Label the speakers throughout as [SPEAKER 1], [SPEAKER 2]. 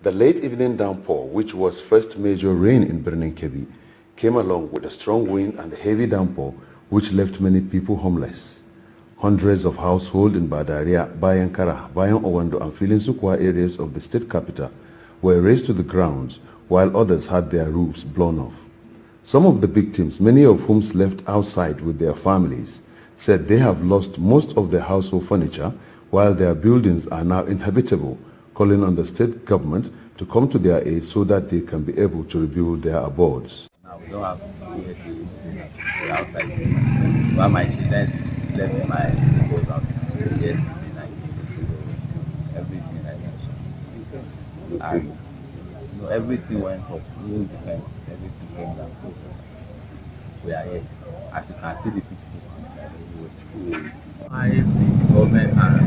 [SPEAKER 1] The late evening downpour, which was first major rain in Birnin came along with a strong wind and a heavy downpour, which left many people homeless. Hundreds of households in Badaria, Bayankara, Bayan Owando and Filinsukwa areas of the state capital were razed to the ground, while others had their roofs blown off. Some of the victims, many of whom slept outside with their families, said they have lost most of their household furniture, while their buildings are now inhabitable calling on the state government to come to their aid so that they can be able to rebuild their abodes. Now we don't have anywhere to go outside. While my children slept in my neighbor's house, yes, everything I that. And you know, everything went up, even defense, everything came down. So we are here. As you can see the people, I see the government and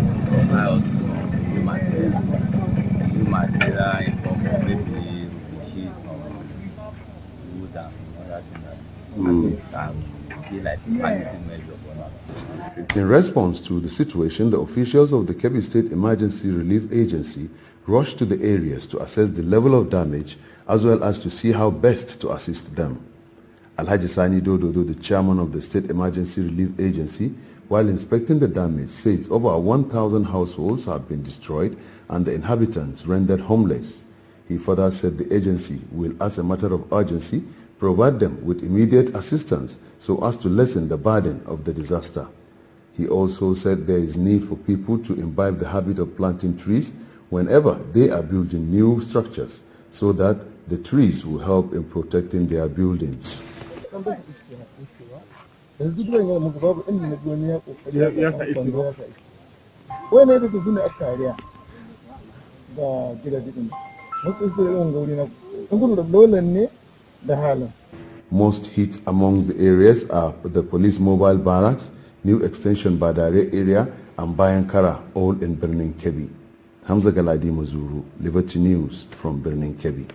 [SPEAKER 1] In response to the situation, the officials of the Kebbi State Emergency Relief Agency rushed to the areas to assess the level of damage as well as to see how best to assist them. Alhaji Sani Dododo, the chairman of the State Emergency Relief Agency, while inspecting the damage, says over 1,000 households have been destroyed and the inhabitants rendered homeless. He further said the agency will, as a matter of urgency, provide them with immediate assistance so as to lessen the burden of the disaster. He also said there is need for people to imbibe the habit of planting trees whenever they are building new structures so that the trees will help in protecting their buildings. Most hits among the areas are the police mobile barracks, new extension Badare area, and Bayankara, all in Birnin Kebi. Hamza Galadi Mazuru, Liberty News from Birnin Kebi.